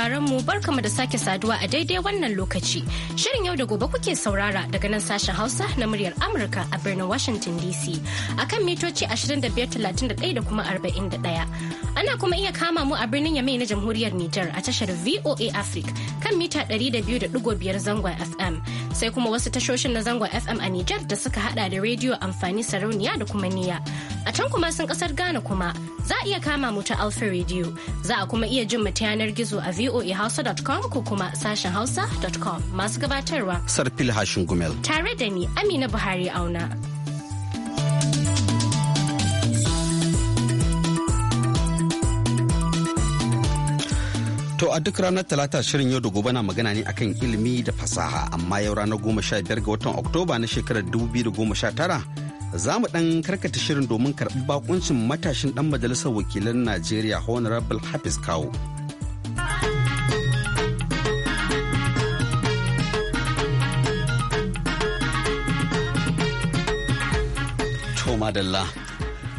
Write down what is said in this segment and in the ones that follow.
sauraron mu barkamu da sake saduwa a daidai wannan lokaci. Shirin yau da gobe kuke saurara daga nan sashen Hausa na muryar Amurka a birnin Washington DC akan mitoci 2531 da kuma 41. Ana kuma iya kama mu a birnin Yamai na Jamhuriyar Nijar a tashar VOA Africa kan mita 200.5 zangon FM. Sai kuma wasu tashoshin na zangon FM a Nijar da suka hada da rediyo amfani sarauniya da kuma niya. A can kuma sun kasar Ghana kuma za a iya kama mu ta Alfa Radio. Za a kuma iya jin mu ta yanar gizo a voahausa.com ko kuma sashen hausa.com masu gabatarwa. Sarfil Hashin Gumel. Tare da ni Amina Buhari Auna. To a duk ranar talata shirin yau da gobe na magana ne akan ilimi da fasaha amma yau ranar goma sha biyar ga watan Oktoba na shekarar dubu da goma sha tara za mu ɗan karkata shirin domin karɓi bakuncin matashin ɗan majalisar wakilan Najeriya Honorable Hafiz Kawo. madalla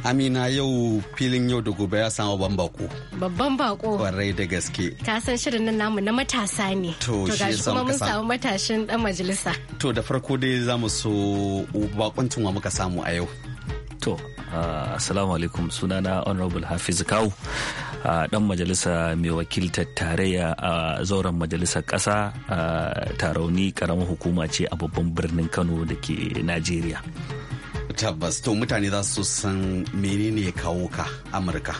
Amina yau filin yau da gobe ya samu ban bako. Babban bako. Kwarai da gaske. Ka san shirin nan namu na matasa ne. To shi yasa kuma mun samu matashin dan majalisa. To da farko dai za mu so bakuncin wa muka samu a yau. To Uh, assalamu alaikum sunana honorable hafiz kawu uh, dan majalisa mai wakiltar tarayya a zauren majalisar ƙasa tarauni karamar hukuma ce a babban birnin kano da ke najeriya tabbas to mutane za su san menene ya kawo ka amurka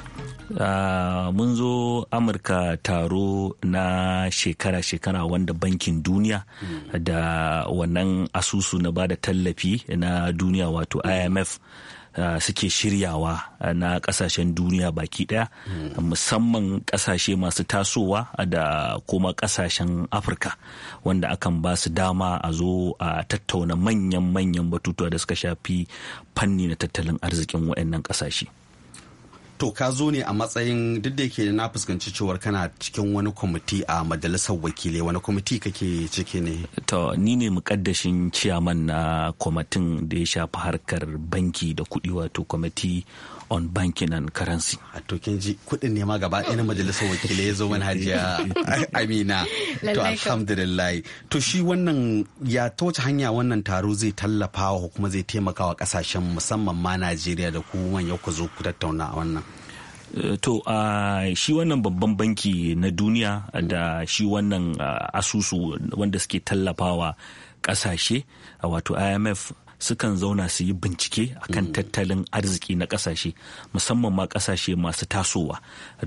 Uh, mun zo amurka taro na shekara-shekara wanda bankin duniya mm. da wannan asusu na bada tallafi na duniya wato imf suke shiryawa na kasashen duniya baki daya musamman kasashe masu tasowa da kuma kasashen afirka wanda akan ba su dama a zo a tattauna manyan-manyan batutuwa da suka shafi fanni na tattalin arzikin waɗannan kasashe. to ka zo ne a matsayin duk da yake na fuskanci cewar kana cikin wani kwamiti a majalisar wakilai wani kwamiti kake ciki ne to ni ne mukaddashin ciyaman na kwamitin da ya shafi harkar banki da kuɗi wato kwamiti on banking and currency. To kin ji kudin nema gaba ɗaya majalisar wakilai ya zo wani hajiya Amina. To alhamdulillah. To shi wannan ya ta wace hanya wannan taro zai tallafa wa kuma zai taimaka wa kasashen musamman ma Najeriya da ku yau ku zo ku tattauna a wannan. Eh, to uh, shi wannan babban banki na duniya da shi wannan asusu wanda suke tallafawa kasashe wato imf sukan zauna su yi bincike a kan mm. tattalin arziki na kasashe musamman ma kasashe masu tasowa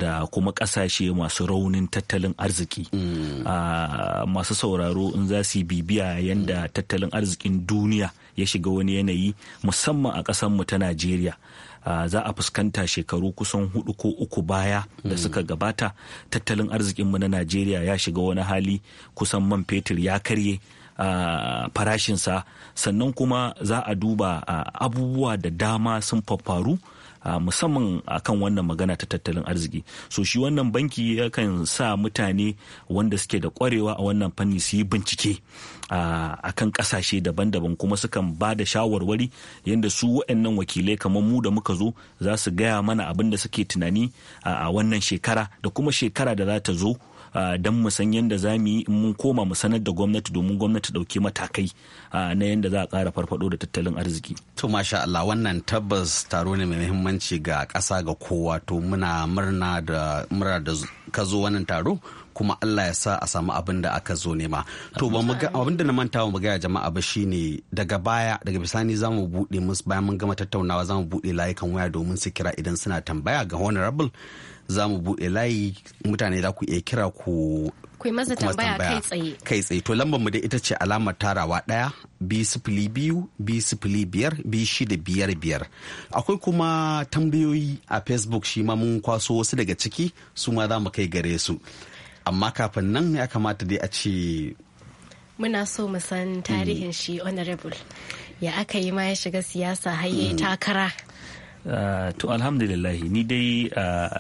da kuma kasashe masu raunin tattalin arziki mm. ah, masu sauraro in za su bibiya yadda mm. tattalin arzikin duniya ya shiga wani yanayi musamman a mu ta najeriya Uh, za a fuskanta shekaru kusan hudu ko uku baya da suka gabata tattalin arzikinmu na najeriya ya shiga wani hali kusan man fetur ya karye farashinsa sannan kuma za a duba abubuwa da dama sun faffaru musamman a kan wannan magana ta tattalin arziki so shi wannan banki yakan sa mutane wanda suke da kwarewa a wannan fanni su yi bincike a kan kasashe daban-daban kuma sukan ba da shawarwari yadda su waɗannan wakilai kamar mu da muka zo za su gaya mana abin da suke tunani a wannan shekara da kuma shekara da za ta zo Ah, don mu san yadda za mu yi in mun koma mu sanar da gwamnati domin gwamnati dauki matakai ah, na yadda za a ƙara farfado da tattalin arziki. To masha Allah wannan tabbas taro ne mai muhimmanci ga ƙasa ga kowa to muna murna da murna da ka zo wannan taro kuma Allah ya sa a samu abin da aka zo nema. To abin da na manta mu gaya jama'a ba shine daga baya daga bisani za mu buɗe bayan mun gama tattaunawa zamu mu buɗe layukan waya domin su kira idan suna tambaya ga honorable za mu buɗe layi mutane za ku iya kira ku tambaya kai tsaye kai tsaye to lambar mu da ita ce alamar tarawa ɗaya bi sifili biyu bi sifili biyar bi shida biyar biyar akwai kuma tambayoyi a facebook shi ma mun kwaso wasu daga ciki su ma za mu kai gare su amma kafin nan ya kamata dai a ce muna so mu san tarihin hmm. shi honorable ya aka yi ma ya shiga siyasa har hmm. takara Eh, to alhamdulillah ni dai eh,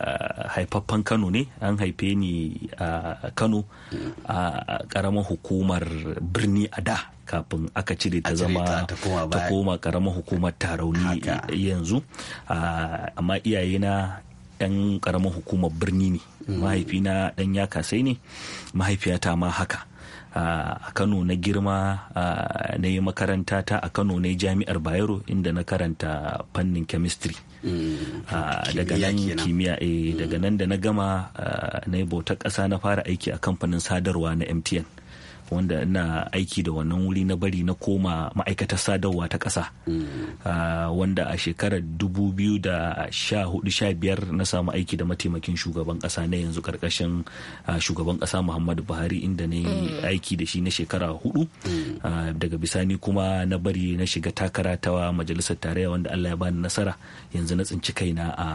haifaffen kano ne an haife ni a kano a karamar hukumar birni a da kafin aka cire ta zama ta koma karamar hukumar tarauni yanzu amma iyayena yan karamar hukumar birni ne mm. mahaifina ɗan ya kasai ne mahaifiyata ma haka a kano na girma na yi makaranta ta a kano na jami'ar bayero inda na karanta fannin chemistry mm. daga nan kimiyya eh, daga mm. nan da na gama na yi bautar ƙasa na fara aiki a kamfanin sadarwa na mtn wanda ina aiki da wannan wuri na bari na koma ma'aikatar sadarwa ta ƙasa mm. ah, wanda a shekarar 2014-15 na samu aiki da mataimakin shugaban ƙasa na yanzu ƙarƙashin ah, shugaban ƙasa muhammadu buhari inda na yi mm. aiki da shi na shekara hudu mm. ah, daga bisani kuma na bari na shiga takara ta majalisar tarayya wanda allah ya bani nasara yanzu na tsinci kaina a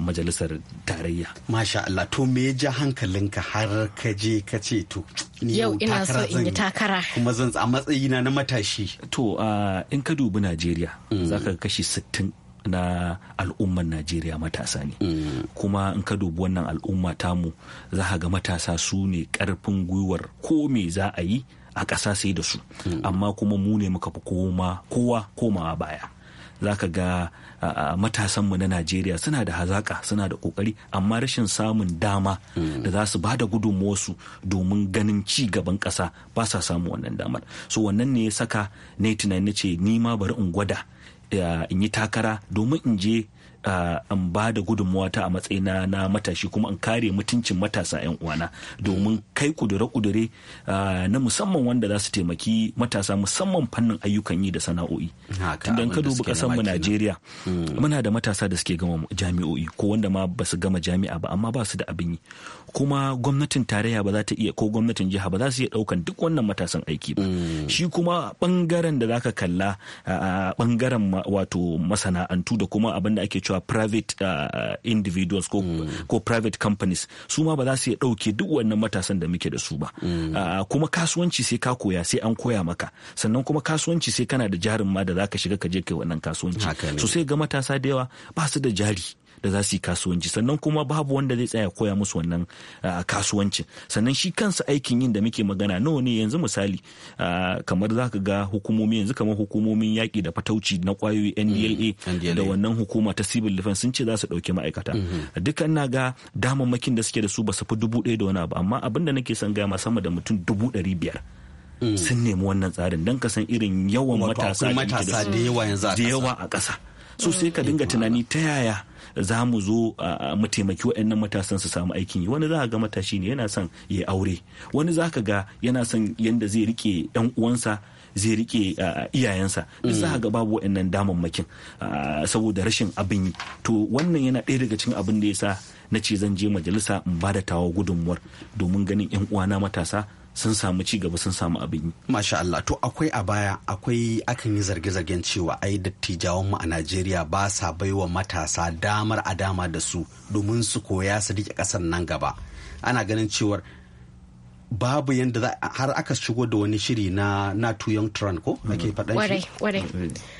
majalisar tarayya masha allah to me ya ja hankalinka har ka je ka ce to yau ina so in yi takara kuma zan a matsayina na matashi to in ka dubi najeriya mm. za ka kashi sittin na al'ummar najeriya matasa ne mm. kuma in ka dubi wannan al'umma tamu za ka ga matasa su ne karfin gwiwar ko me za a yi a ƙasa sai da su mm. amma kuma mu ne muka fi koma kowa komawa baya za ka ga matasanmu na najeriya suna da hazaka suna da kokari amma rashin samun dama da za su ba da gudunmuwarsu domin ganin ci gaban ƙasa ba sa samun wannan damar so wannan ne ya saka na tunani ce ni ma bari in gwada in yi takara domin in je Uh, in ba da gudunmuwa ta a matsayina na matashi kuma in kare mutuncin matasa 'yan uwana domin kai kudure-kudure uh, na musamman wanda za su taimaki matasa musamman fannin ayyukan yi da sana'o'i tunda ka dubi kasan Najeriya hmm. muna da matasa da suke gama jami'o'i ko wanda ma ba su gama jami'a ba amma ba su da abin yi kuma gwamnatin tarayya ba za ta iya ko gwamnatin jiha ba za su iya daukan duk wannan matasan aiki ba mm. shi kuma bangaren da zaka kalla bangaren wato masana'antu da kuma abinda ake cewa private individuals mm. ko private companies su ma ba za su iya dauke duk wannan matasan da muke da su ba mm. kuma kasuwanci sai ka koya sai an koya maka sannan kuma kasuwanci sai kana da jarin ma da zaka shiga ka je kai wannan kasuwanci so sai ga matasa da yawa ba su da jari da za su yi kasuwanci sannan kuma babu wanda zai tsaya koya musu wannan kasuwanci sannan shi kansa aikin yin da muke magana nawa ne yanzu misali kamar za ka ga hukumomi yanzu kamar hukumomin yaƙi da fatauci na kwayoyi mm, ndla da wannan hukuma ta civil defense sun ce za su ɗauki ma'aikata mm-hmm. dukkan na ga damammakin da suke da su ba su fi dubu ɗaya da wani abu amma abin da nake son gaya ma sama da mutum dubu ɗari biyar mm. sun nemi wannan tsarin don ka san irin yawan matasa da yawa a ƙasa so sai ka dinga mm. tunani ta yaya za mu zo mu taimaki waɗannan matasan su samu aikin yi wani za ga matashi ne yana son ya yi aure wani za ka ga yana son yadda zai rike yan uwansa zai rike iyayensa duk za ga babu waɗannan damammakin saboda rashin abin yi to wannan yana ɗaya daga cikin abin da ya sa na ce zan je majalisa in ba da tawa gudunmuwar domin ganin yan uwana matasa sun samu ci gaba sun samu abin yi. Masha Allah to akwai a baya akwai akan yi zarge-zargen cewa ai dattijawan mu a Najeriya ba sa baiwa matasa damar a dama da su domin su koya su rike kasar nan gaba. Ana ganin cewar babu yadda har aka shigo da wani shiri na na young trend ko ake faɗan shi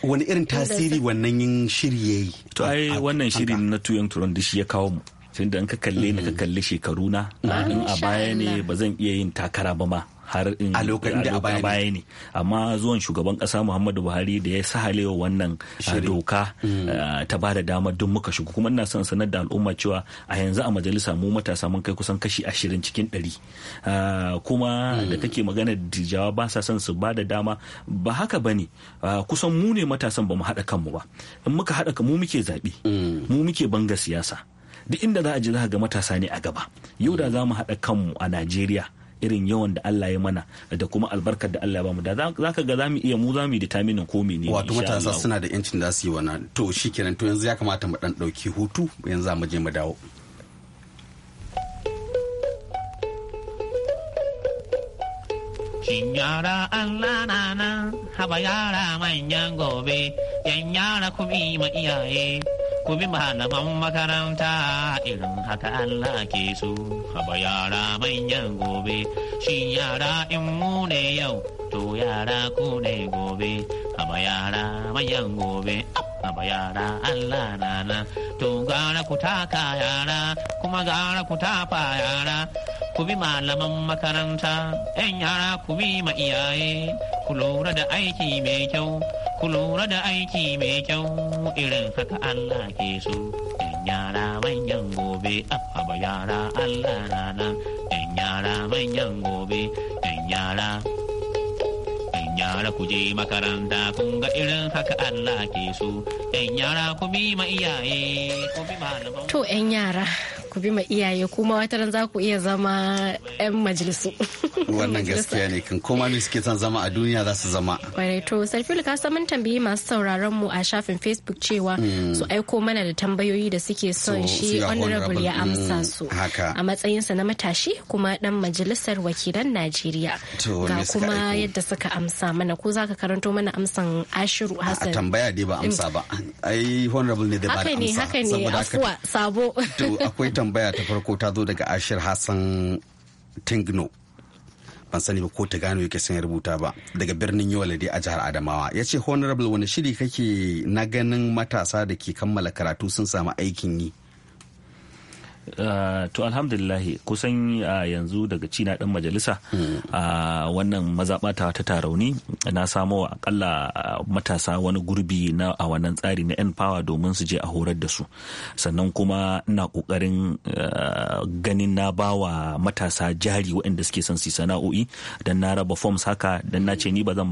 wani irin tasiri wannan yin shiri yayi to ai wannan shiri na two young trend shi ya kawo mu tunda da ka kalle ni ka mm-hmm. kalli shekaru na ah, in a baya ne ba zan iya yin takara ba ma har in a lokacin da a baya ne amma zuwan shugaban kasa Muhammadu Buhari da ya sahalewa wannan ah, doka mm. ah, ta ba da dama duk muka shigo kuma ina son sanar da al'umma cewa a yanzu a majalisa mu matasa mun kai kusan kashi ashirin cikin ɗari kuma mm. da kake magana dijawa ba sa son su ba da dama ba haka ba ne kusan mu ne matasan ba mu haɗa kanmu ba in muka haɗa mu muke zaɓe mm. mu muke banga siyasa duk inda za a je za ga matasa ne a gaba yau da za mu haɗa kanmu a najeriya irin yawan da Allah ya mana da kuma albarkar da Allah ya bamu da za ka ga za mu iya mu za mu determine ko ne. wato matasa suna da yancin da su yi wannan to shikenan to yanzu ya kamata mu dan dauki hutu yanzu za mu je mu dawo Shin yara Allah na nan, haba yara manyan gobe, yan yara ku ma iyaye, ku bi malaman makaranta irin haka Allah ke so haba yara manyan gobe shi yara in mu ne yau to yara ku ne gobe haba yara manyan gobe haba yara Allah rana to gara ku taka yara kuma gara ku tafa yara ku malaman makaranta 'yan yara ku bi ma iyaye ku lura da aiki mai kyau ku lura da aiki mai kyau irin haka Allah ke so. ‘Yan yara manyan gobe, abba yara Allah rana, ‘yan yara manyan gobe, ‘yan yara. ‘Yan yara ku je makaranta kun ga irin haka Allah ke so, ‘yan yara ku bi ma iyaye, ku bi malaman. To ‘yan yara. ku bi ma iyaye kuma wata ran za ku iya zama 'yan majalisu. Wannan gaskiya ne kan koma ne suke son zama a duniya za su zama. Wane to Sarfilu ka san mun tambayi masu sauraron mu a shafin Facebook cewa hmm. su aiko mana da tambayoyi da suke son shi honorable ya amsa hmm, su. A matsayinsa na matashi kuma dan majalisar wakilan Najeriya. Ga kuma yadda suka amsa mana ko za ka karanto mana amsan Ashiru Hassan. A tambaya dai ba amsa ba. Mm. Ai honorable ne da ba amsa. Haka ne haka ne afuwa sabo. To akwai tambaya ta farko ta zo daga ashir hassan tingno ban sani ba ko ta gano yake sun rubuta ba daga birnin yola a jihar adamawa ya ce honorable wani shiri kake na ganin matasa da ke kammala karatu sun samu aikin yi Ah, to alhamdulillahi kusan uh, yanzu daga cina dan majalisa mm. a uh, wannan mazaɓata ta tarauni na samo akalla ah, matasa wani gurbi na a wannan tsari na yan power domin su je a horar da su sannan kuma na ƙoƙarin ganin na bawa matasa jari waɗanda suke son su sana'o'i dan na raba forms haka dan na ce ni ba zan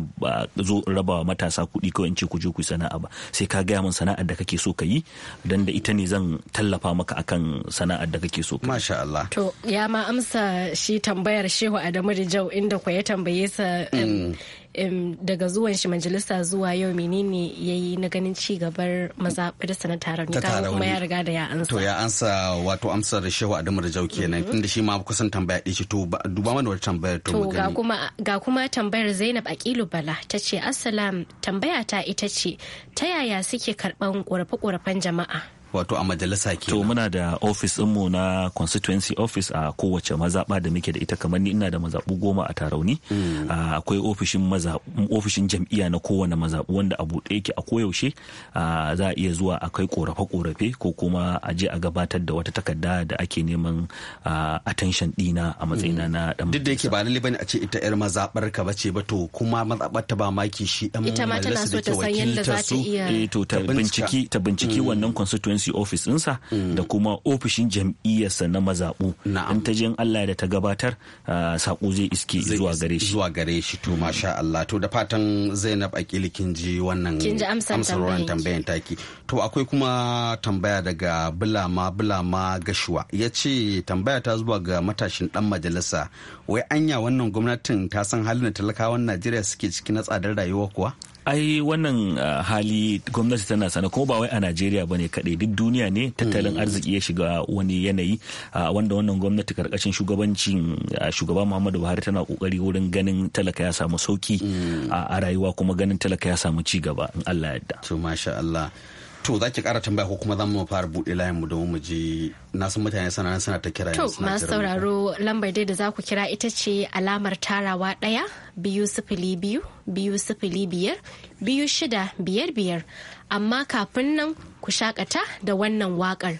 zo raba wa matasa kuɗi kawai in ce ku je ku sana'a ba sai ka gaya min sana'ar da kake so ka yi don da ita ne zan tallafa maka akan sana'a sana'ar da kake so masha Allah to ya ma amsa shi tambayar Shehu Adamu da jau inda kwa ya tambaye sa mm. daga zuwan shi majalisa zuwa yau menene ya yi na ganin ci gabar mazaɓar sana taron ta kuma ya riga da ya ansa to ya ansa wato amsa da shehu adamu da jau kenan mm-hmm. inda shi ma kusan tambaya ɗaya shi to duba mana wata tambayar to mu gani ga kuma tambayar zainab Aqilu bala ta ce assalam tambaya ta ita ce ta yaya suke karɓan ƙorafe-ƙorafen jama'a wato a majalisa ke to muna da office mu na constituency office a kowace mazaba da muke da ita kamar ni ina da mazaɓu goma a tarauni mm. akwai ofishin ofishin jam'iyya na kowane mazaɓu wanda a buɗe yake a koyaushe za a iya zuwa akai korafe korafe ko kuma a je a gabatar da wata takarda da ake neman attention dina a matsayina na dan duk da yake ba lalle bane a ce ita yar mazabar ka bace ba to kuma mazabar ta ba maki shi dan ita ma tana so ta san yadda za ta iya eh, ta binciki ta binciki mm. wannan constituency constituency office ɗinsa mm. da kuma ofishin jam'iyyarsa na mazaɓu in ta jin Allah da ta gabatar ah, saƙo zai iske zuwa gare shi zuwa gare shi to masha Allah to da fatan Zainab Akili kin ji wannan amsar wannan tambayan taki to akwai kuma tambaya daga Bulama Bulama Gashuwa yace tambaya ta zuwa ga matashin dan majalisa wai anya wannan gwamnatin ta san halin da talakawan Najeriya suke ciki na tsadar rayuwa kuwa ai wannan ah, hali gwamnati tana sana kuma ba wai a najeriya ba ne kaɗai duk duniya ne tattalin hmm. arziki ya shiga wani yanayi ah, wanda wannan gwamnati karkashin shugabancin ah, shugaba muhammadu buhari tana kokari wurin ganin talaka ya samu sauki hmm. a rayuwa kuma ganin talaka ya samu ci gaba in allah yadda to masha allah to za ki kara tambaya ko kuma za mu fara buɗe layin mu domin mu ji na san mutane sana suna ta kira to masu sauraro lambar dai da zaku kira ita ce alamar tarawa ɗaya biyu sifili biyu biyu sifili biyar biyu shida biyar biyar amma kafin nan ku shakata da wannan waƙar.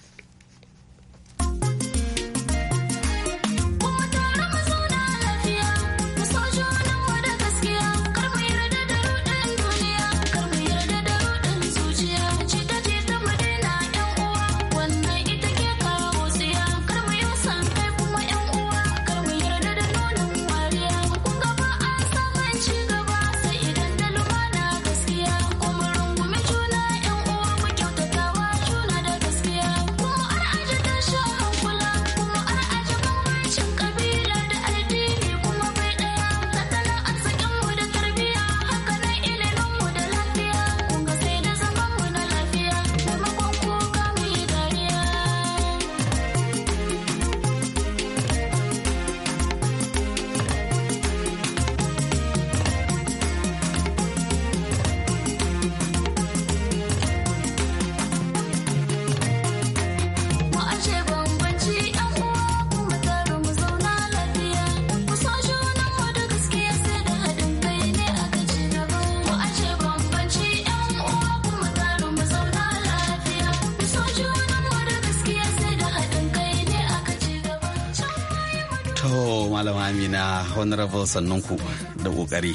amina honorable sannan ku da kokari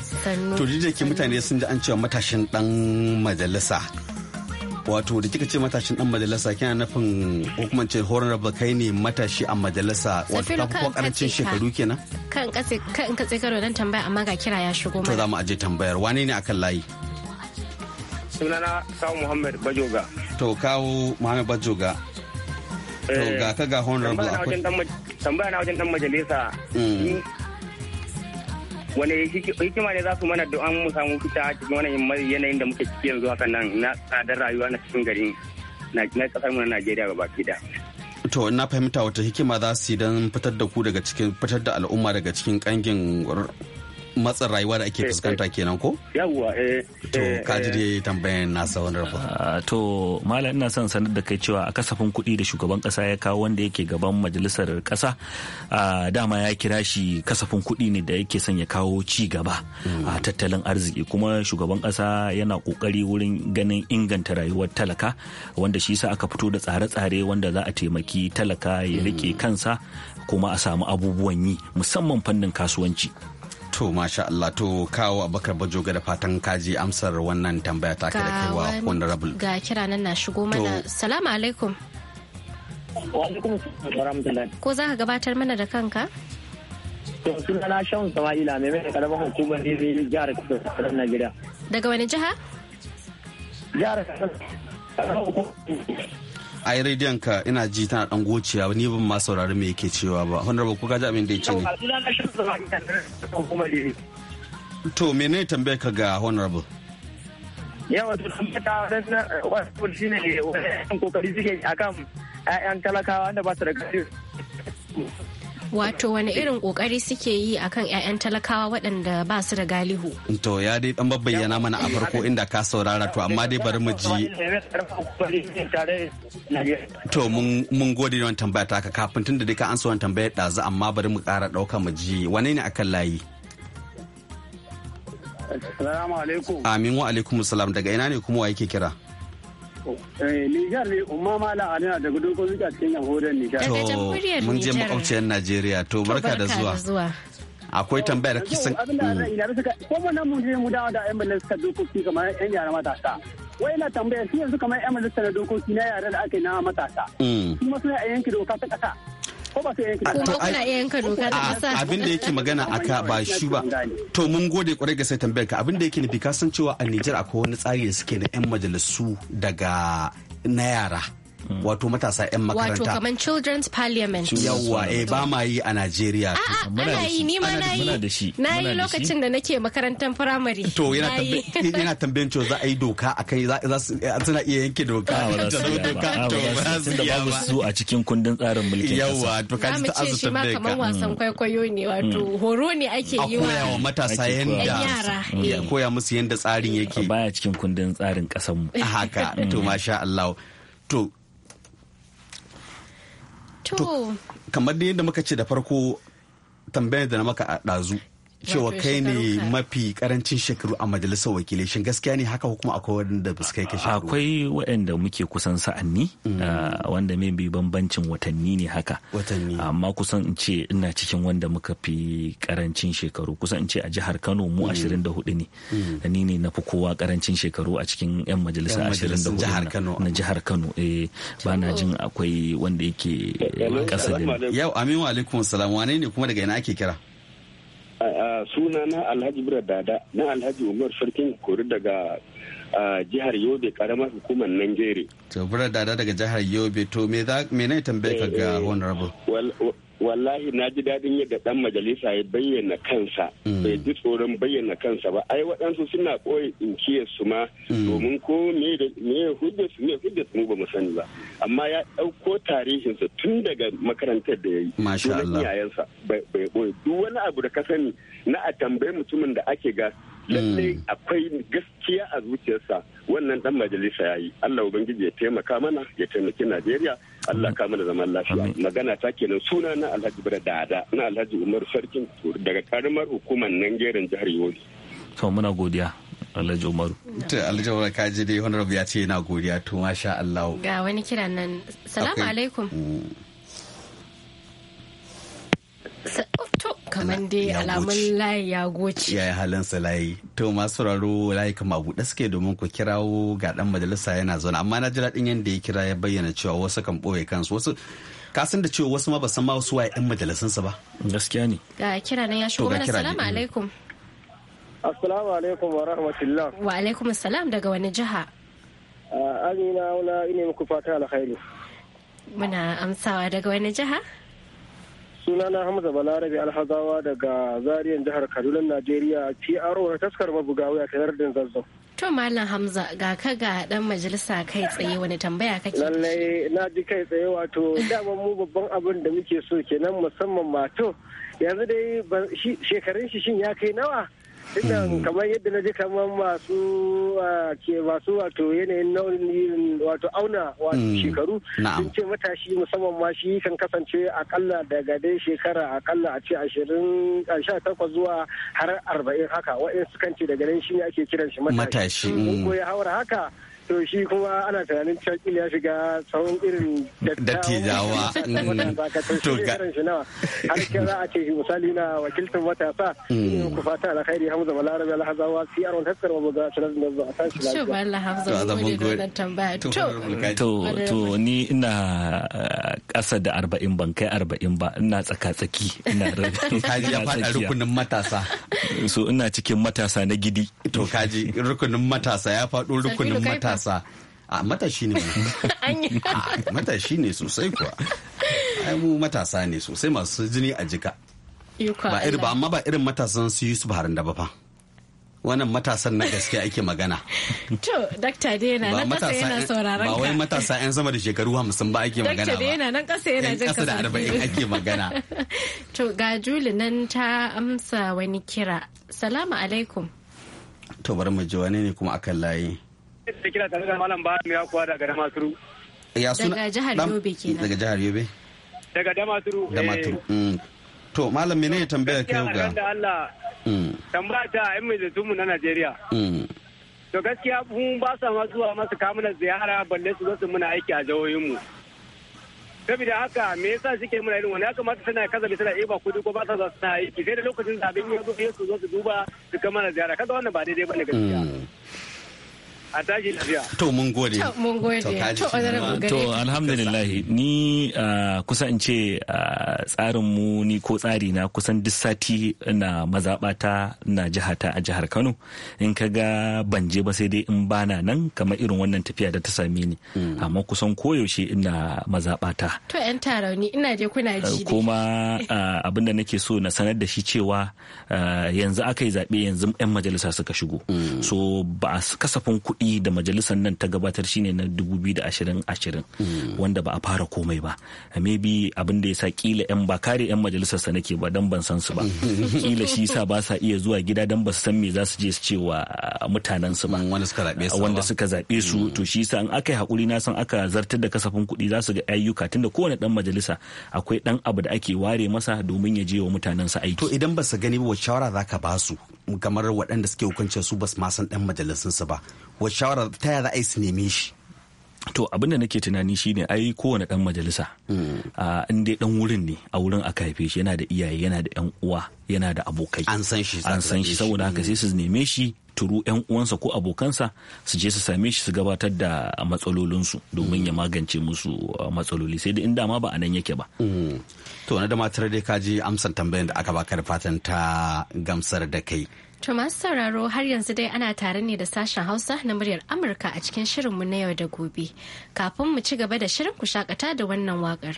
to da ke mutane sun ji an cewa matashin dan majalisa wato da kika ce matashin dan majalisa kina nufin hukumance honorable kai ne matashi a majalisa wato ta kuma karancin shekaru kenan kan kace kan kace karo dan tambaya amma ga kira ya shigo to za mu aje tambayar wane ne akan layi sunana kawo muhammad bajoga to kawo muhammad bajoga to eh, ga ka ga honorable akwai tambaya na wajen dan majalisa mm. wani hikima ne za su mana da an mu samu fita cikin wannan yanayin da muke ciki yanzu hakan nan na tsadar rayuwa na cikin garin na kasar mu na Najeriya ga baki da to na fahimta wata hikima za su yi don fitar da ku daga cikin fitar da al'umma daga cikin kangin matsin rayuwa da ake eh, fuskanta eh. kenan ko? yawwa eh to eh, kaji dai tambayan nasa wani rafa ah, to malam ina son sanar da kai cewa a kasafin kuɗi da shugaban ƙasa ya kawo wanda yake gaban majalisar ƙasa ah, dama ya kira shi kasafin kuɗi ne da yake son ya kawo ci gaba hmm. a ah, tattalin arziki kuma shugaban ƙasa yana ƙoƙari wurin ganin inganta rayuwar talaka wanda shi yasa aka fito da tsare-tsare wanda za a taimaki talaka ya rike hmm. kansa kuma a samu abubuwan yi musamman fannin kasuwanci. To masha Allah to kawo Abakar Bajoga da fatan kaji amsar wannan tambaya ta ka da kaiwa honorable. Ga kira nan na shigo mana. Salamu alaikum. Wa alaikum Ko za ka gabatar mana da kanka? To suna na shan Sama'ila mai mai karamar hukumar ne zai jihar Kasar gida. Daga wani jiha? Jihar Kasar. ai rediyon ka ina ji tana dan gociya ni ban ma saurari me yake cewa ba honorable ko ka ji abin da yake ne to menene tambayar ka ga honorable yawa to ta dan eh, wasu shine eh, wani kokari suke akan ƴaƴan talakawa wanda ba su da gari wato wani irin kokari suke yi akan 'ya'yan talakawa waɗanda ba su da galihu to ya dai dan bayyana mana a farko inda ka saurara to amma dai bari mu ji to mun gode wannan tambaya ta ka kafin tun da dai ka an so wannan tambayar za amma bari mu ƙara dauka mu ji wane ne akan layi Assalamu alaikum. Amin wa alaikum salam daga ina ne kuma wa yake kira? Eh, Nijar ne umma mala alina daga dogon zuciya cikin jamhuriyar Nijar. Daga Mun je makwabciyar Najeriya to barka da zuwa. akwai tambayar kisan kuma mm. nan mun je mu dawo da yan majalisa dokoki kamar yan yara matasa wai na tambaya su yanzu kamar yan majalisa dokoki na yara da ake na matasa kuma mm. suna a yanki doka ta kasa ko ba kuna ah, iya yanka doka kasa ah, abin da yake magana aka ba shi ba to mun gode kwarai ga sai tambayar ka abin da yake nufi ka san cewa a Nijar akwai wani tsari da suke na yan majalisu daga na yara Mm. wato matasa 'yan makaranta. Wato kamar Children's Parliament. Yawwa eh ba ma yi a Najeriya. A'a ana yi ni ma na yi. Na yi lokacin da nake makarantar firamare. To yana tambayin cewa za a yi doka a kai eh, suna iya yanke doka. a za da babu ba. su a cikin kundin tsarin mulkin kasa. Yawwa to ka ji ta azu tambaye ka. kamar wasan mm. kwaikwayo ne wato mm. horo ne ake yi wa. A koya wa matasa yanda. Koya musu yanda tsarin yake. Baya cikin kundin tsarin mu Haka to masha Allah. To to kamar da yadda muka ce da farko tambayar da na maka a ɗazu cewa kai ne mafi karancin shekaru a majalisar wakilai shin gaskiya ne haka kuma akwai wanda ba su kai ka shekaru akwai waɗanda muke kusan sa'anni mm. ah, wanda mai bi bambancin watanni ne haka watanni amma kusan in ce ina cikin wanda muka fi karancin shekaru kusan in ce a jihar Kano mu 24 mm. ne mm. ni ne na fi kowa karancin shekaru a cikin yan majalisa 24 na jihar Kano eh ba na jin akwai wanda yake kasa da yau amin wa alaikum salam wane ne kuma daga ina ake kira suna na alhaji bura dada na alhaji umar sarkin kori daga jihar yobe karamar hukumar nigeria to bura dada daga jihar yobe to me ne tambaye ka ga honorable eh, eh, wallahi na ji daɗin yadda ɗan majalisa ya bayyana kansa mm. bai ji tsoron bayyana kansa ba ai waɗansu suna ɓoye tsinkiyar su ma mm. domin ko me ya hujja su me su mu ba mu sani ba amma ya ɗauko tarihinsa tun daga makarantar da ya yi masha Allah bai ɓoye duk wani abu da ka sani na a tambayi mutumin da ake ga mm. Lalle akwai gaskiya a zuciyarsa wannan dan majalisa ya yi Allah ubangiji ya taimaka mana ya taimaki Najeriya Allah ka mana zaman lafiya magana ta kenan suna na Alhaji Bada Dada na Alhaji Umar Sarkin daga karamar hukumar Nangeren jihar Yobe to muna godiya Alhaji Umaru. Ta Alhaji Umaru ka ji dai Honorable ya ce yana godiya to masha Allah. Ga wani kira nan. Salamu alaikum. Mm. kamar dai alamun layi ya goce ya yi halinsa layi to masu sauraro layi kama buɗe suke domin ku kirawo ga dan majalisa yana zaune amma na ji daɗin yadda ya kira ya bayyana cewa wasu kan ɓoye kansu wasu ka san da cewa wasu ma ba san ma wasu waye ɗan majalisansa ba gaskiya ne ga kira nan ya shigo mana salamu alaikum assalamu alaikum wa rahmatullah wa alaikum assalam daga wani jiha ah, amina wala ina muku fata alkhairi muna amsawa daga wani jiha sunana hamza balarabe alhazawa daga zariyan jihar kaduna najeriya pro na taskar mabuga wuya ta yardin zazzau to malam hamza ga ka ga dan majalisa kai tsaye wani tambaya kake lallai na ji kai tsaye wato dama mu babban abin da muke so kenan musamman mato yanzu dai shekarun shi shin ya kai nawa Tunan hmm. kamar yadda na ji kamar masu ke masu wato yanayin nau'in wato auna wato hmm. shekaru. Sun ce matashi musamman ma shi kan kasance akalla daga dai shekara akalla a ce ashirin sha takwas zuwa har arba'in haka. Wa'in sukan ce daga nan shi ne ake kiran shi matashi. Matashi. Hmm. Ko ya haura haka. to shi kuma ana tunanin cakil ya shiga tsawon irin dattijawa mm. to ga har ke za a ce misali na wakiltar matasa mm. ku fata alkhairi hamza balarabe alhazawa siyar wani hakkar wa buga shirar da zuwa san shi lafiya shugaban hamza wani gode da tambaya to to ni ina eh, ƙasa da arba'in ban kai arba'in ba ina tsaka-tsaki ina kaji ya faɗa rukunin matasa so ina cikin matasa na gidi to kaji rukunin matasa ya faɗo rukunin matasa matasa a matashi ne matashi ne sosai kuwa ai mu matasa ne sosai masu jini a jika ba iri ba amma ba irin matasan su Yusuf da ba fa wannan matasan na gaske ake magana to dakta dai yana nan kasa yana sauraron ba wai matasa yan sama da shekaru 50 ba ake magana ba dakta dai yana nan kasa yana jin kasa da 40 ake magana to ga Juli nan ta amsa wani kira salamu alaikum to bari mu ji wani ne kuma akan layi da kira tare da malam ba ya kuwa daga damaturu ya suna daga jihar yobe kenan daga jihar yobe daga damaturu damaturu eh. mm. to malam mene ya tambaya kai ga da Allah mm. tambaya ta ayyukan majalisun mu na Najeriya mm. to gaskiya mun ba sa ma zuwa masu kamunan ziyara balle su zo su muna aiki a jihohin mu saboda haka me yasa suke muna irin wani ya kamata tana kazabi tana iya ba kudi ko ba sa zuwa na aiki sai da lokacin zaben ya zo su zo su duba su kama na ziyara kaga wannan ba daidai bane gaskiya a To mun gode. Mun gode. To alhamdulillah ni uh, kusa in ce uh, tsarin mu ni ko tsari na kusan duk sati na mazaɓata na jihata a jihar Kano in ka ga ban je ba sai dai in bana nan kamar irin wannan tafiya da ta same ni hmm. amma kusan koyaushe ina mazaɓata. To yan tarauni ina je kuna uh, ji. Kuma abin da nake so na sanar da shi cewa yanzu aka yi zaɓe yanzu 'yan majalisa suka shigo. Hmm. So ba kasafin kuɗi kuɗi da majalisar nan ta gabatar shine na 2020 hmm. wanda ba a fara komai ba maybe abin da ya sa kila yan ba kare yan majalisar sa nake ba dan ban san su ba kila shi sa ba sa iya zuwa gida dan ba su san me za su je su ce wa mutanen su ba hmm, wanda suka zaɓe su hmm. to shi sa in aka yi hakuri na san aka zartar da kasafin kuɗi za su ga ayyuka tun da kowane dan majalisa akwai dan abu da ake ware masa domin ya je wa mutanen sa aiki to idan ba su gani ba shawara zaka ba su kamar waɗanda suke hukuncin su ba su ma san ɗan majalisinsu ba wacce shawara ta yaya za a yi su neme shi to abin da nake tunani shine ai kowane dan majalisa hmm. ah, in dai dan wurin ne a wurin aka haife shi yana da iyaye yana da yan uwa yana da abokai an san shi an san shi saboda haka sai hmm. su neme shi turu yan uwansa ko abokansa su je su same shi su gabatar da matsalolinsu domin ya hmm. magance musu ah, matsaloli sai da inda ma ba a nan yake ba to na da matar dai kaji amsan tambayar da aka baka da fatan ta gamsar da kai To masu sauraro har yanzu dai ana tare ne da sashen Hausa na muryar Amurka a cikin shirinmu na yau da gobe. Kafin mu ci gaba da shirin ku shakata da wannan waƙar.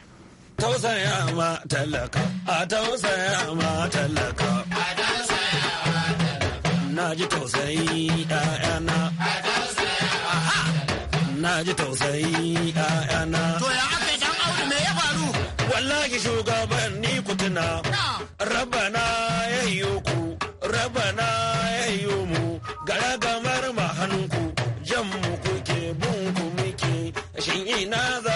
Tausaya ma talaka, a tausaya ma talaka. A tausaya ma talaka. Na ji tausayi ɗayana. A tausaya ma Na ji tausayi ɗayana. To ya aka dan auri me ya faru? Wallahi shugabanni ku tuna. Rabbana ya yi ku rabana ya yi mu gara gamar mahanku jan mu kuke bunku muke shin ina za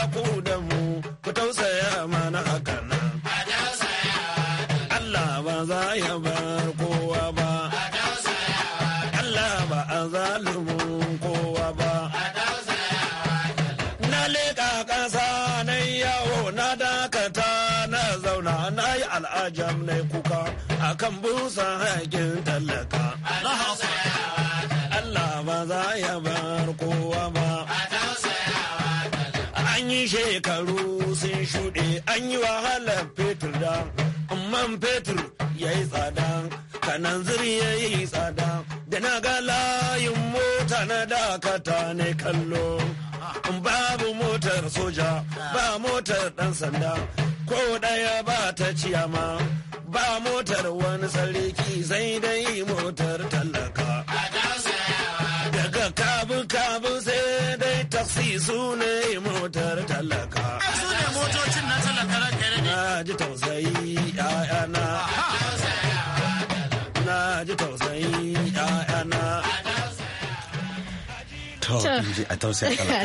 kuka kan busa haƙin tallaka. Allah ba za ya bar kowa ba. An yi shekaru sun shuɗe an yi wahalar fetur da man fetur ya yi tsada kanan zuri ya yi tsada da na ga layin mota na dakata ne kallo. Babu motar soja ba motar ɗan sanda ko ɗaya ba ta ciyama. ba motar wani sarki sai dai motar tallaka. Daga kabin kabin sai dai taksi su ne motar tallaka. Su ne motocin na tallaka ranke ne. Na ji tausayi 'ya'yana. a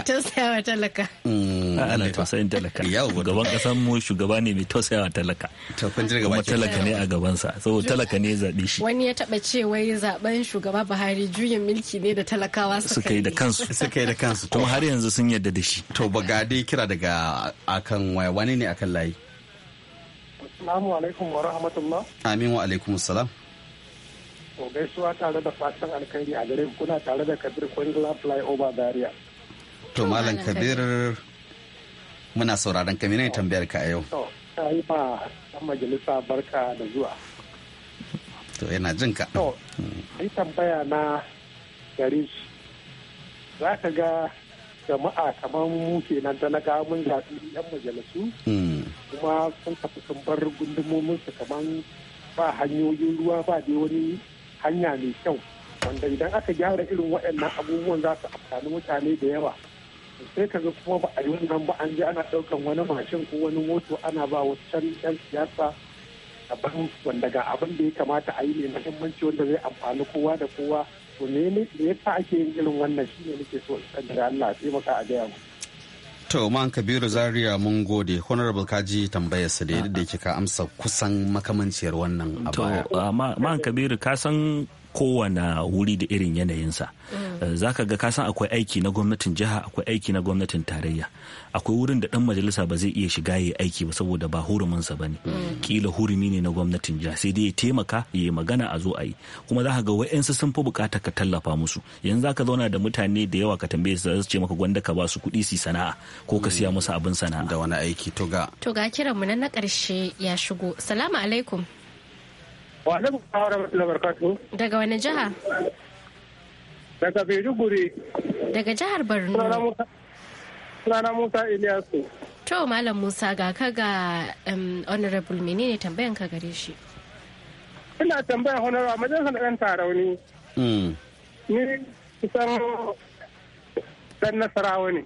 tausayawa talaka. Mm, Ana tausayin talaka. Gaban kasan mu shugaba ne mai tausayawa talaka. Kuma talaka ne a gabansa. Saboda talaka ne zaɓe shi. Wani ya taɓa ce wai zaɓen shugaba Buhari juyin mulki ne da talakawa suka yi da kansu. Suka yi da kansu. Kuma har yanzu sun yarda da shi. To ba ga kira daga akan waya wani ne akan layi. Assalamu alaikum wa rahmatullah. Amin wa alaikum salam. To gaisuwa tare da fatan alkhairi a gare kuna tare da Kabir Kwangila Flyover Zaria. To Malam Kabir muna sauraron ka menene tambayar ka a yau? ta yi ma dan majalisa barka da zuwa. To yana jin ka. To yi tambaya na gari za ka ga jama'a kamar mu kenan talaka mun zaɓi yan majalisu hmm. kuma sun tafi sun bar gundumomin su kamar ba hanyoyin ruwa ba dai wani hanya mai kyau wanda idan aka gyara irin waɗannan abubuwan za su amfani mutane da yawa sai ka ga kuma ba a yi wannan ba an je ana ɗaukan wani mashin ko wani moto ana ba wasu can yan siyasa ban wanda ga abin da ya kamata a yi mai muhimmanci wanda zai amfani kowa da kowa to me yasa ake yin irin wannan shine nake so in san da Allah sai maka a gaya mu To man Kabiru Zaria mun gode Honorable Kaji tambayar sa da yadda ka amsa kusan makamanciyar wannan abu. To uh, Kabiru ka kowane wuri da irin yanayinsa mm. eh, za ka ga kasan akwai aiki na gwamnatin jiha akwai aiki na gwamnatin tarayya akwai wurin da ɗan majalisa ba zai iya shiga ya aiki ba saboda ba huruminsa ba ne Ƙila mm. hurumi ne na gwamnatin jiha sai dai ya taimaka ya yi magana a zo a yi kuma za ka ga wa'yansu sun fi bukata ka tallafa musu yanzu za ka zauna da mutane da yawa ka tambaye su su ce maka gwanda ka ba su kuɗi su sana'a ko ka siya musu abin sana'a da wani aiki to ga to ga kiranmu na na ƙarshe ya shigo salamu alaikum Wa alaikum salam warahmatullahi Daga wani jiha? Daga Maiduguri. Daga jihar Borno. Sunana Musa Iliyasu. To Malam Musa ga ka ga um, Honorable menene tambayan ka gare shi? Ina tambaya Honorable majalisar ɗan tarauni. Hmm. Ni kusan ɗan nasarawa ne.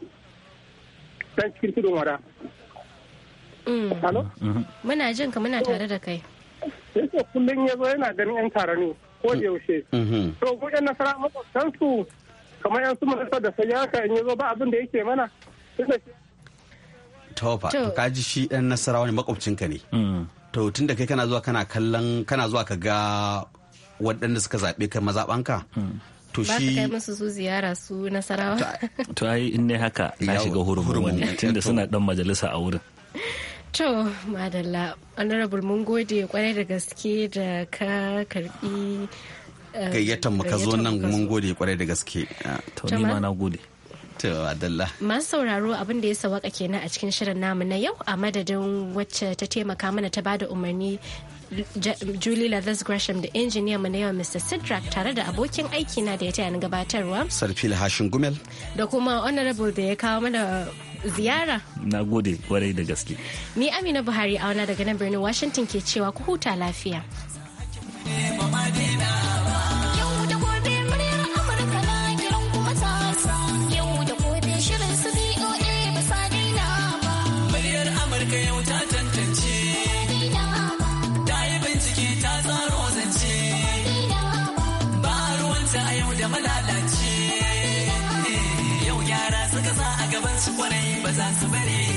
Ɗan cikin tudun wada. Hmm. Halo? Mhm. Muna jin ka muna tare da kai. yake kullum ya zo yana ganin yan tara ne ko da yaushe mm-hmm. to ko yan nasara makwabtan su kamar yan su manasa da sai haka in yazo ba abin da yake mana tofa ka ji shi dan nasarawa ne makwabcinka ne mm. to tun da kai kana zuwa kana kallon kana zuwa ka ga waɗanda suka zaɓe ka mazaɓanka mm. to shi ba kai musu su ziyara su nasarawa to ai in ne haka na shiga hurumin wani tunda suna dan majalisa a wurin To, Madalla, Honorable mun gode kwarai da gaske da ka karbi eh, gayyatar mu ka zo nan mun gode kwarai da gaske. To, ah, ni ma na gode. Masu sauraro abin da ya sawaka kenan a cikin shirin namu na yau a madadin wacce ta taimaka mana ta bada umarni Julie Lathers Gresham da injiniya mu na yau Mr. Sidrak tare da abokin aiki na da ya taya ni gabatarwa. Sarfil Hashin Gumel. Da kuma honorable da ya kawo mana ziyara. Na gode kwarai da gaske. Ni Amina Buhari auna daga nan birnin Washington ke cewa ku huta lafiya. su kwarai ba za